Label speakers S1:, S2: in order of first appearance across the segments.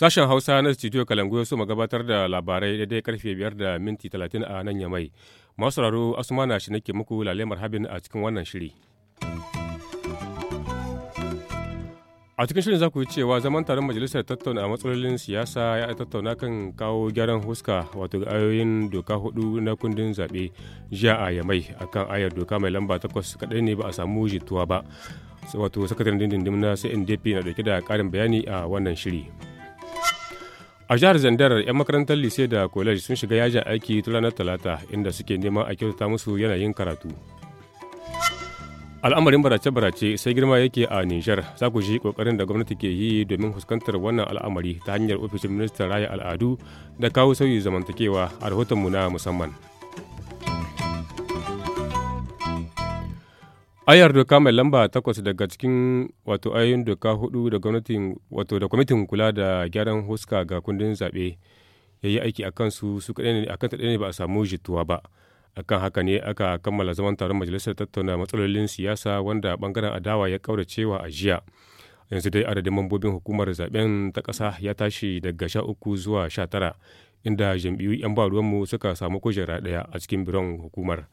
S1: Sashen Hausa na studio Kalangu ya so gabatar da labarai daidai karfe biyar da minti talatin a nan ya mai Masu sauraro Asmana shi nake muku lalemar habin a cikin wannan shiri. a cikin shirin za ku yi cewa zaman taron majalisar tattauna matsalolin siyasa ya tattauna kan kawo gyaran huska wato ayoyin doka hudu na kundin zabe jiya a yamai akan ayar doka mai lamba takwas kaɗai ne ba a samu jituwa ba wato sakataren dindindim na cndp na dauke da ƙarin bayani a wannan shiri a jihar zandar 'yan makarantar lise da college sun shiga yajin aiki ta ranar talata inda suke neman a kyautata musu yanayin karatu al'amarin barace-barace sai girma yake a nijar za ku ji kokarin da gwamnati ke yi domin fuskantar wannan al'amari ta hanyar ofishin ministan raya al'adu da kawo sauyi zamantakewa a mu na musamman ayar doka mai lamba takwas daga cikin wato ayoyin doka hudu da gwamnatin wato da kwamitin kula da gyaran huska ga kundin zaɓe ya yi aiki a kansu su kaɗai ne ba a samu jituwa ba akan haka ne aka kammala zaman taron majalisar tattauna matsalolin siyasa wanda bangaren adawa ya cewa a jiya yanzu dai adadin mambobin hukumar zaben ta ƙasa ya tashi daga sha uku zuwa sha tara inda jam'iyyu 'yan baruwanmu suka samu kujera ɗaya a cikin biron hukumar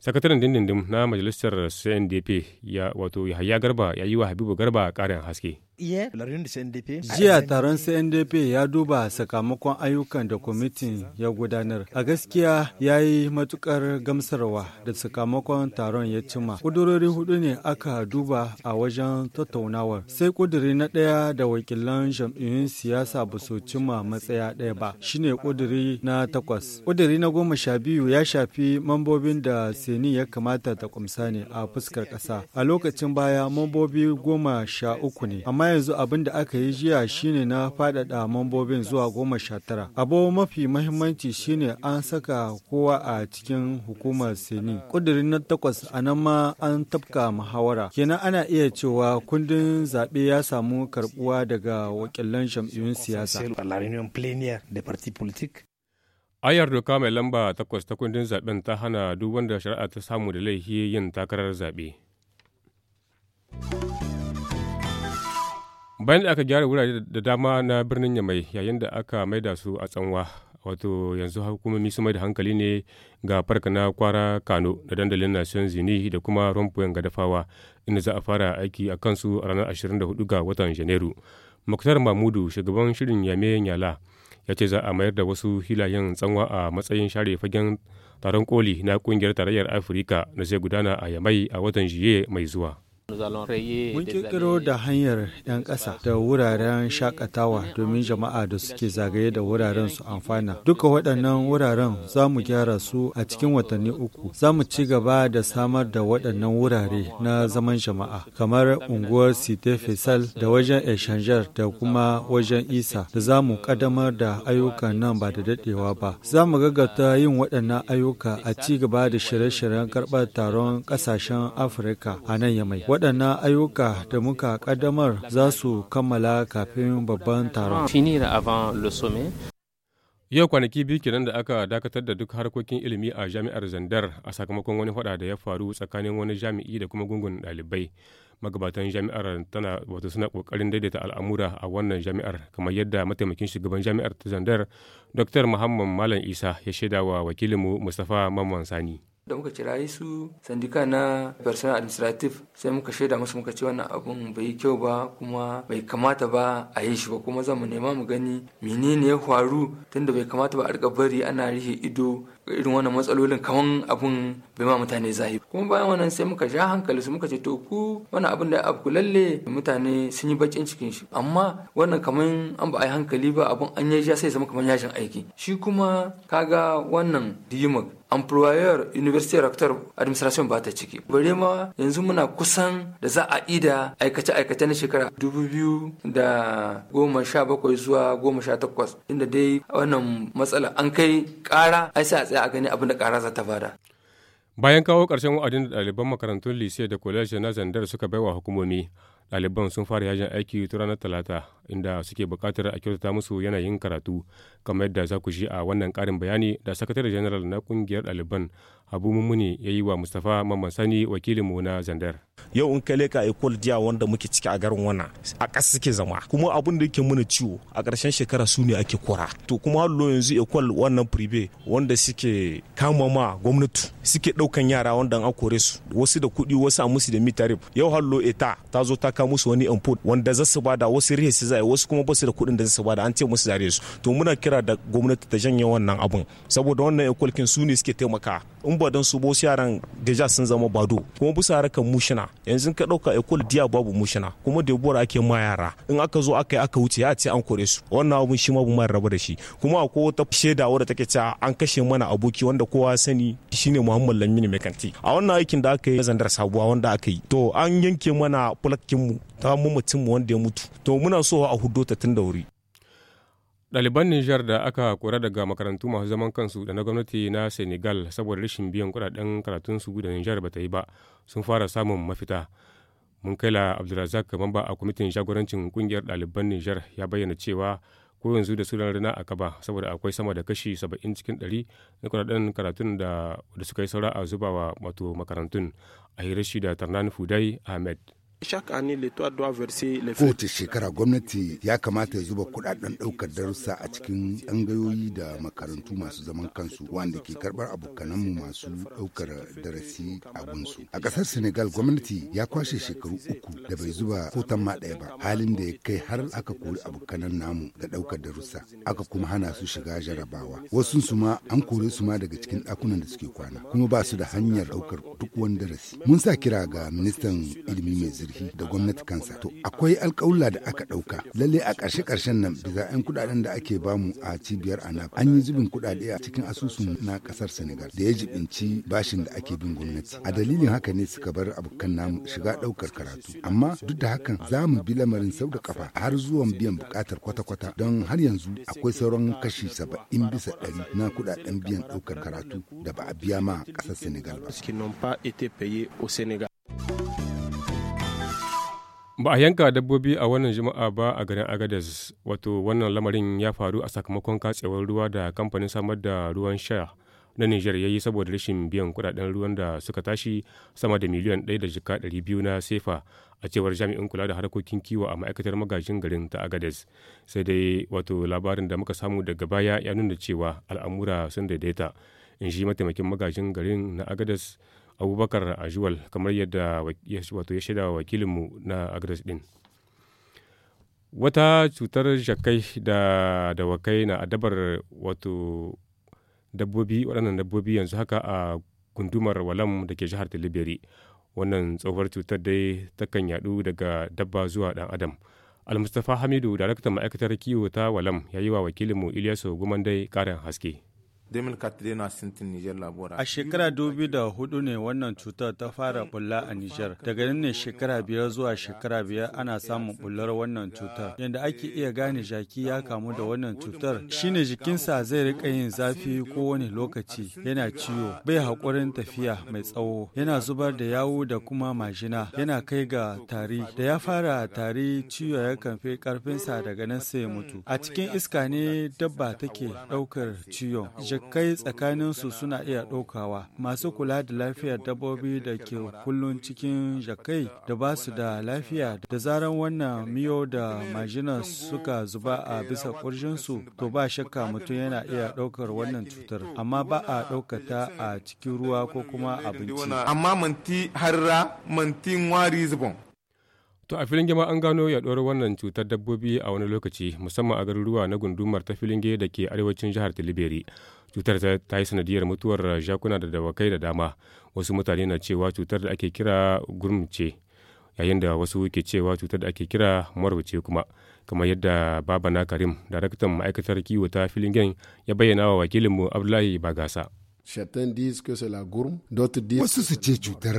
S1: sakataren dindindin na majalisar cndp ya wato yahaya garba ya yi wa habibu garba ƙarin haske
S2: Jiya taron CNDP ya duba sakamakon ayyukan da kwamitin ya gudanar. A gaskiya ya yi matukar gamsarwa da sakamakon taron ya cima. Kudurori hudu ne aka duba a wajen tattaunawar. Sai kuduri na ɗaya da wakilan jam'iyyun siyasa ba su cima matsaya ɗaya ba. Shine kuduri na takwas. Kuduri na goma sha biyu ya shafi mambobin da Seni ya kamata ta kumsa ne a fuskar ƙasa. A lokacin baya mambobi goma sha uku ne. Amma amma yanzu abin da aka yi jiya shine na faɗaɗa mambobin zuwa goma sha tara. Abu mafi mahimmanci shine an saka kowa a cikin hukumar Seni. Ƙudurin na takwas a nan ma an tafka muhawara. Kenan ana iya cewa kundin zaɓe ya samu karɓuwa daga wakilan jam'iyyun siyasa.
S1: Ayar doka mai lamba takwas ta kundin zaɓen ta hana duk wanda shari'a ta samu da laifi yin takarar zaɓe. bayan da aka gyara wurare da dama na birnin yamai yayin da aka maida su a tsanwa wato yanzu hukumomi su mai da hankali ne ga farka na kwara kano da dandalin nation zini da kuma rompuyan dafawa inda za a fara aiki a kansu a ranar 24 ga watan janairu muktar mamudu shugaban shirin yame nyala ya ce za a mayar da wasu hilayen tsanwa a matsayin share fagen taron koli na kungiyar tarayyar afirka da zai gudana a yamai a watan jiye mai zuwa Mun kirkiro da
S2: hanyar 'yan ƙasa da wuraren shakatawa domin jama'a da suke zagaye da wuraren su amfana. Duka waɗannan wuraren za mu gyara su a cikin watanni uku. Za mu ci gaba da samar da waɗannan wurare na zaman jama'a kamar unguwar Site Faisal da wajen Eshanjar da kuma wajen Isa da za mu ƙaddamar da ayyukan nan ba da daɗewa ba. Za mu gaggata yin waɗannan ayyuka a ci gaba da shirye-shiryen karɓar taron ƙasashen Afirka a nan yamai. waɗannan ayyuka da muka ƙaddamar za su kammala kafin babban taron.
S1: Yau kwanaki biyu kenan da aka dakatar da duk harkokin ilimi a jami'ar Zandar a sakamakon wani faɗa da ya faru tsakanin wani jami'i da kuma gungun ɗalibai. Magabatan jami'ar tana wato suna kokarin daidaita al'amura a wannan jami'ar kamar yadda mataimakin shugaban jami'ar ta Zandar Dr. Muhammad Malam Isa ya shaida wa wakilinmu mustafa Mamman Sani.
S2: da muka kira su sandika na personal administrative sai muka shaida musu muka ce wannan abun bai yi kyau ba kuma bai kamata ba a yi shi ba kuma za mu nema mu gani menene ya faru tunda bai kamata ba a rika bari ana rihe ido irin wannan matsalolin kaman abun bai ma mutane zahi kuma bayan wannan sai muka ja hankali su muka ce to ku wannan abin da abu lalle mutane sun yi bakin cikin shi amma wannan kaman an ba a yi hankali ba abun an yi ja sai zama kaman yashin aiki shi kuma kaga wannan diyimag employer university rector administration ba ta ciki bare ma yanzu muna kusan da za a ida aikace aikace na shekara dubu biyu da sha bakwai zuwa goma sha takwas. inda dai wannan matsala an kai kara ai sai a za a gani abin da ƙara za ta fara.
S1: Bayan kawo ƙarshen wa'adin da ɗaliban makarantun lise da kwaleji na zandar suka baiwa hukumomi, ɗaliban sun fara yajin aiki ta ranar talata inda suke buƙatar a kyautata musu yanayin karatu kamar yadda za ku shi a wannan ƙarin bayani da sakatare general na ƙungiyar ɗaliban abu mummuni ya yi wa mustapha mamman sani mu na zandar
S3: yau in ka leka ekol jiya wanda muke ciki a garin wannan a ƙasa suke zama kuma abin da yake mana ciwo a ƙarshen shekara su ne ake kora to kuma hallo yanzu ekol wannan pribe wanda suke kama ma gwamnati suke ɗaukan yara wanda an kore su wasu da kuɗi wasu a musu da mitarif yau hallo eta ta zo ta kawo musu wani input wanda za su bada wasu rihe su zai wasu kuma basu da kuɗin da za su bada an ce musu zare su to muna kira da gwamnati ta janye wannan abun saboda wannan ekolkin su ne suke taimaka in ba su bo yaran deja sun zama bado kuma bisa raka mushina yanzu ka dauka ekol diya babu mushina kuma da bora ake ma yara in aka zo aka yi aka wuce ya ce an kore su wannan abun shi ma bu mai raba da shi kuma akwai wata sheda wadda take cewa an kashe mana aboki wanda kowa sani shine Muhammad Lamini Mekanti a wannan aikin da aka yi zandar sabuwa wanda aka yi to an yanke mana fulakin mu ta mu mutum wanda ya mutu to muna so a hudo ta tun da wuri
S1: Ɗaliban Nijar da aka kora daga makarantu masu zaman kansu da na gwamnati na Senegal saboda rashin biyan kuɗaɗen su da Nijar ba ta yi ba sun fara samun mafita. Mun kai la Abdulrazak Mamba a kwamitin jagorancin kungiyar ɗaliban Nijar ya bayyana cewa ko yanzu da sunan rana a kaba saboda akwai sama da kashi saba'in cikin ɗari na kuɗaɗen karatun da suka yi saura a zubawa wato makarantun a hirashi da Tarnan Fudai Ahmed.
S3: Kowace
S4: shekara gwamnati ya kamata ya zuba kudaden daukar darussa a cikin tsangayoyi da makarantu masu zaman kansu wanda ke karbar abokananmu masu daukar darasi a gunsu. A ƙasar Senegal gwamnati ya kwashe shekaru uku da bai zuba ko ma ɗaya ba halin da ya kai har aka kori abokanan namu da daukar darussa aka kuma hana su shiga jarabawa. Wasu su ma an kore su ma daga cikin ɗakunan da suke kwana kuma ba su da hanyar daukar duk wani darasi. Mun sa kira ga ministan ilimi mai zirga karfi da gwamnati kansa to akwai alƙawla da aka ɗauka lalle a ƙarshe ƙarshen nan da 'yan kudaden da ake bamu a cibiyar anab an yi zubin kudade a cikin asusun na kasar senegal da ya jibinci bashin da ake bin gwamnati a dalilin haka ne suka bar abokan namu shiga ɗaukar karatu amma duk da hakan za mu bi lamarin sau da kafa har zuwan biyan bukatar kwata-kwata don har yanzu akwai sauran kashi saba'in bisa ɗari na kudaden biyan ɗaukar karatu da ba a biya ma ƙasar senegal
S1: ba. Ba a yanka dabbobi a wannan juma'a ba a garin Agadez, wato wannan lamarin ya faru a sakamakon katsewar ruwa da kamfanin samar da ruwan sha na niger ya yi saboda rashin biyan kudaden ruwan da suka tashi sama da miliyan ɗaya da jika ɗari biyu na sefa a cewar jami'in kula da harkokin kiwo a ma'aikatar magajin garin ta Agadez. Sai dai wato labarin da muka samu daga baya ya nuna cewa al'amura sun daidaita. In shi mataimakin magajin garin na Agadez abubakar ajuwal kamar yadda wato ya shaida wa wakilinmu na agres din wata cutar jakai da dawakai na adabar wato dabbobi waɗannan dabbobi yanzu haka a gundumar walam da ke jihar liberi wannan tsohuwar cutar dai takan yaɗu daga dabba zuwa ɗan adam almustafa hamidu daraktan ma'aikatar kiwo ta walam ya yi wa wakilinmu iliyasu gumandai ƙarin haske A shekara
S2: hudu ne wannan cutar ta fara bulla a Nijar. Daga nan ne shekara biyar zuwa shekara biyar ana samun bullar wannan cutar. Yadda ake iya gane jaki ya kamu da wannan cutar shine jikinsa zai rika yin zafi kowane lokaci yana ciwo bai haƙurin tafiya mai tsawo yana zubar da yawu da kuma majina yana kai ga tari da ya fara tari ciwo ya fi ƙarfinsa daga nan sai mutu. A cikin iska ne dabba take ɗaukar ciwo. tsakanin tsakaninsu suna iya ɗaukawa masu kula da lafiyar dabbobi da ke kullum cikin jakai da ba su da lafiya da zaran wannan miyo da majina suka zuba a bisa ƙurjinsu to ba shakka mutum yana iya ɗaukar wannan cutar amma ba a ɗaukata a cikin ruwa ko kuma abinci
S3: amma manti harra mantin wari zubon
S1: To a filin an gano yaɗuwar wannan cutar dabbobi a wani lokaci musamman a garuruwa na gundumar ta filinge da ke arewacin jihar Tilibiri. cutar ta yi sanadiyar mutuwar jakuna da dawakai da dama wasu mutane na cewa cutar da ake kira gurm ce yayin da wasu ke cewa cutar da ake kira ce kuma kamar yadda babana karim daraktan ma'aikatar kiwo ta filin ya bayyana wa wakilinmu abdullahi bagasa
S3: Wasu su
S4: ce cutar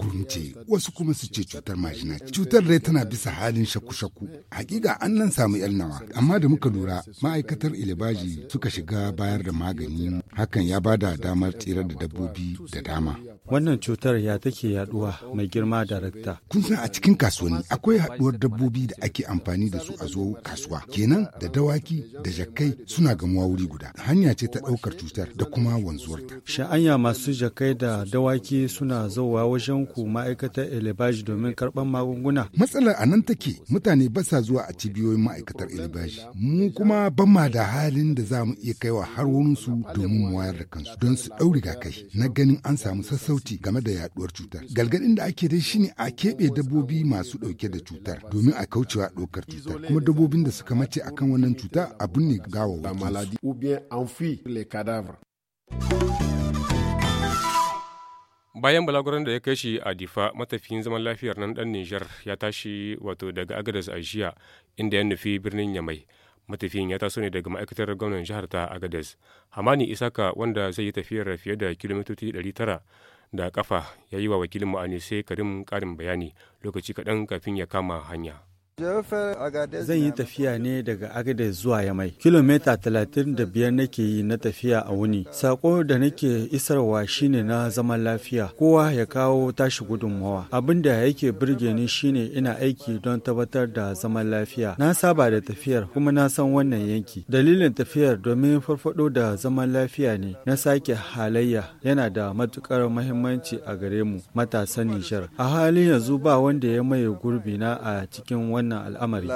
S4: gurum ce, wasu kuma su ce cutar majina. Cutar dai tana bisa halin shaku-shaku. Hakika an nan samu yan nawa, amma da muka lura ma'aikatar ilibaji suka shiga bayar da magani, hakan ya bada damar tsira da dabbobi da dama. Wannan
S2: cutar ya take yaduwa mai girma darakta.
S4: Kun san a cikin kasuwanni akwai haduwar dabbobi da ake amfani da su a zo kasuwa. Kenan da dawaki da jakkai suna gamuwa wuri guda. Hanya ce ta daukar cutar da kuma wanzuwarta.
S2: Sha'anya masu jakkai da dawaki suna zauwa wajen ku ma'aikatar Elebaj domin karban magunguna.
S4: Matsalar a nan take mutane ba sa zuwa a cibiyoyin ma'aikatar Elebaj. Mu kuma ban ma da halin da za mu iya kaiwa har wurinsu domin mu wayar da kansu don su ɗau rigakafi na ganin an samu sassauci sauti game da yaduwar cutar. Galgadin da ake dai shine a keɓe dabbobi masu ɗauke da cutar domin a kaucewa ɗaukar cutar. Kuma dabbobin da suka mace akan wannan cuta abin ne gawa
S1: bayan balaguran da ya kai a difa matafiyin zaman lafiyar nan dan nijar ya tashi wato daga agadas a jiya inda ya nufi birnin yamai matafiyin ya taso ne daga ma'aikatar gwamnan jihar ta agades hamani isaka wanda zai yi tafiyar fiye da kilomitoci 900 da kafa ya yi wa wakilinmu anise karim karin bayani lokaci kaɗan kafin ya kama hanya
S2: Zan yi tafiya ne daga Agadez zuwa Yamai. Kilomita talatin da biyar nake yi na tafiya a wuni. Sako da nake isarwa shine na zaman lafiya. Kowa ya kawo tashi gudunmawa. Abin da yake birge ni shine ina aiki don tabbatar da zaman lafiya. Na saba da tafiyar kuma na san wannan yanki. Dalilin tafiyar domin farfado da zaman lafiya ne. Na sake halayya yana da matukar muhimmanci a gare mu matasan Nijar. A halin yanzu ba wanda ya maye gurbi na a cikin wani wannan
S1: al'amari.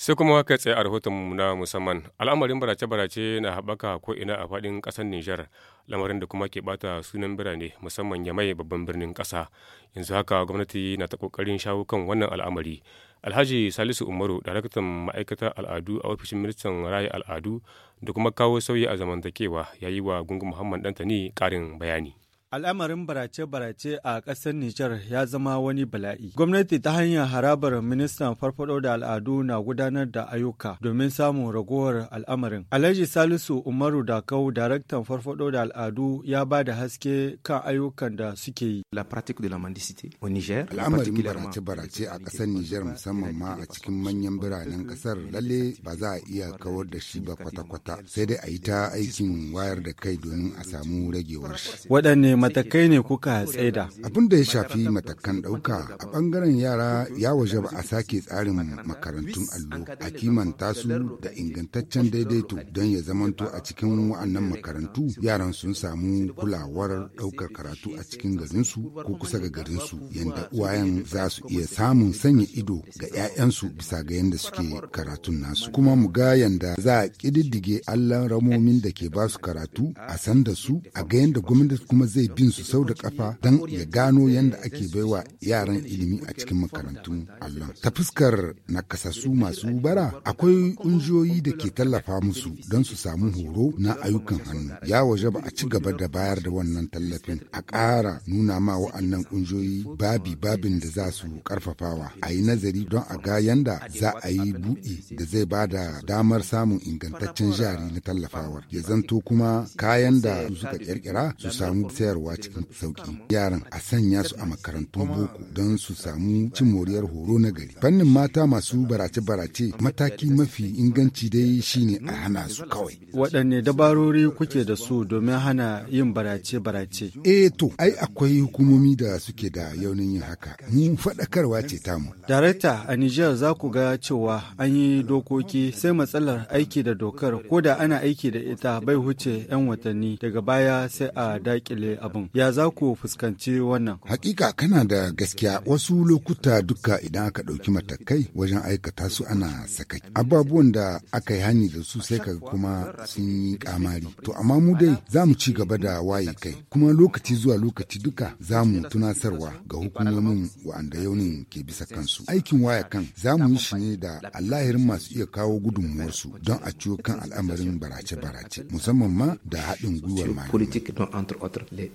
S1: sai kuma ka tsaye a rahoton na musamman al'amarin barace-barace na haɓaka ko'ina a faɗin ƙasar nijar lamarin da kuma ke ɓata sunan birane musamman ya mai babban birnin ƙasa yanzu haka gwamnati na ta ƙoƙarin shawo kan wannan al'amari alhaji salisu umaru daraktan ma'aikatar al'adu a ofishin ministan raya al'adu da kuma kawo sauyi a zamantakewa ya yi wa gungun muhammad dantani ƙarin bayani
S2: Al'amarin barace-barace a ƙasar Nijar ya zama wani bala'i. Gwamnati ta hanyar harabar ministan farfado da al'adu na gudanar da ayyuka domin samun ragowar al'amarin. Alhaji Salisu Umaru Dakau, daraktan farfado da al'adu,
S4: ya ba da haske kan ayyukan da suke yi. La pratique de la mendicité au Niger. Al'amarin barace-barace a ƙasar Nijar musamman ma a cikin manyan biranen ƙasar lalle ba za a iya kawar da shi ba kwata-kwata sai dai a yi ta aikin wayar da kai domin a samu ragewar shi. Waɗanne matakai ne kuka tsaida? Abin da ya shafi matakan ɗauka a ɓangaren yara ya waje ba a sake tsarin makarantun allo a kimanta su da ingantaccen daidaito don ya zamanto a cikin wa'annan makarantu yaran sun samu kulawar ɗaukar karatu a cikin garinsu ko kusa ga garinsu yadda uwayen za su iya samun sanya ido ga 'ya'yansu bisa ga yadda suke karatun nasu kuma mu ga yadda za a ƙididdige allan ramomin da ke ba su karatu a san da su a ga yadda gwamnati kuma zai bin su sau da kafa don ya gano yadda ake baiwa yaran ilimi a cikin makarantun allon ta fuskar nakasassu masu bara akwai ƙungiyoyi da ke tallafa musu don su samu horo na ayyukan hannu ya waje ba a ci gaba da bayar da wannan tallafin a ƙara nuna ma wa'annan ƙungiyoyi babi babin da za su ƙarfafawa a yi nazari don a ga yadda za a yi buɗe da zai ba da damar samun ingantaccen jari na tallafawar ya zanto kuma kayan da suka ƙirƙira su samu sayarwa koyarwa cikin sauki yaran a sanya su a makarantun boko don su samu cin moriyar horo na gari fannin mata masu barace-barace mataki mafi inganci dai shine a hana su
S2: kawai waɗanne dabarori kuke da su domin hana yin
S4: barace-barace eh to ai akwai hukumomi da suke da yaunin yin haka mu faɗakarwa ce ta mu.
S2: darakta a Nijar za ku ga cewa an yi dokoki sai matsalar aiki da dokar ko da ana aiki da ita bai huce 'yan watanni daga baya sai a dakile a abin ya za ku fuskanci wannan
S4: hakika kana da gaskiya wasu lokuta duka idan aka ɗauki matakai wajen aikata su ana sakai ababuwan da aka yi hani da su sai ka kuma sun yi kamari to amma mu dai za mu ci gaba da waye kai kuma lokaci zuwa lokaci duka za mu tunasarwa ga hukumomin wa'anda yaunin ke bisa kansu aikin waya kan za mu yi shi ne da allahirin masu iya kawo gudunmuwarsu don a ciwo kan al'amarin barace-barace musamman ma da haɗin gwiwar
S3: malamai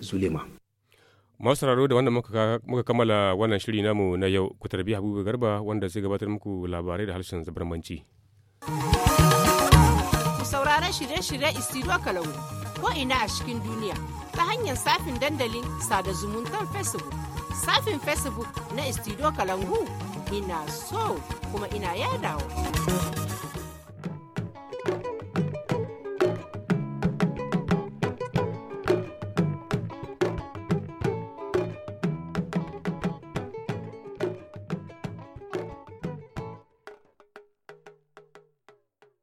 S1: Zulema. Masu sauraro da wanda muka kammala wannan shiri namu na yau ku tarbi Habibu Garba wanda zai gabatar muku labarai da harshen zabarmanci.
S3: Ku sauraron shirye-shirye Istiro Kalau ko ina a cikin duniya ta hanyar safin dandalin sada zumuntar Facebook. Safin Facebook na Istiro Kalangu ina so kuma ina yadawa.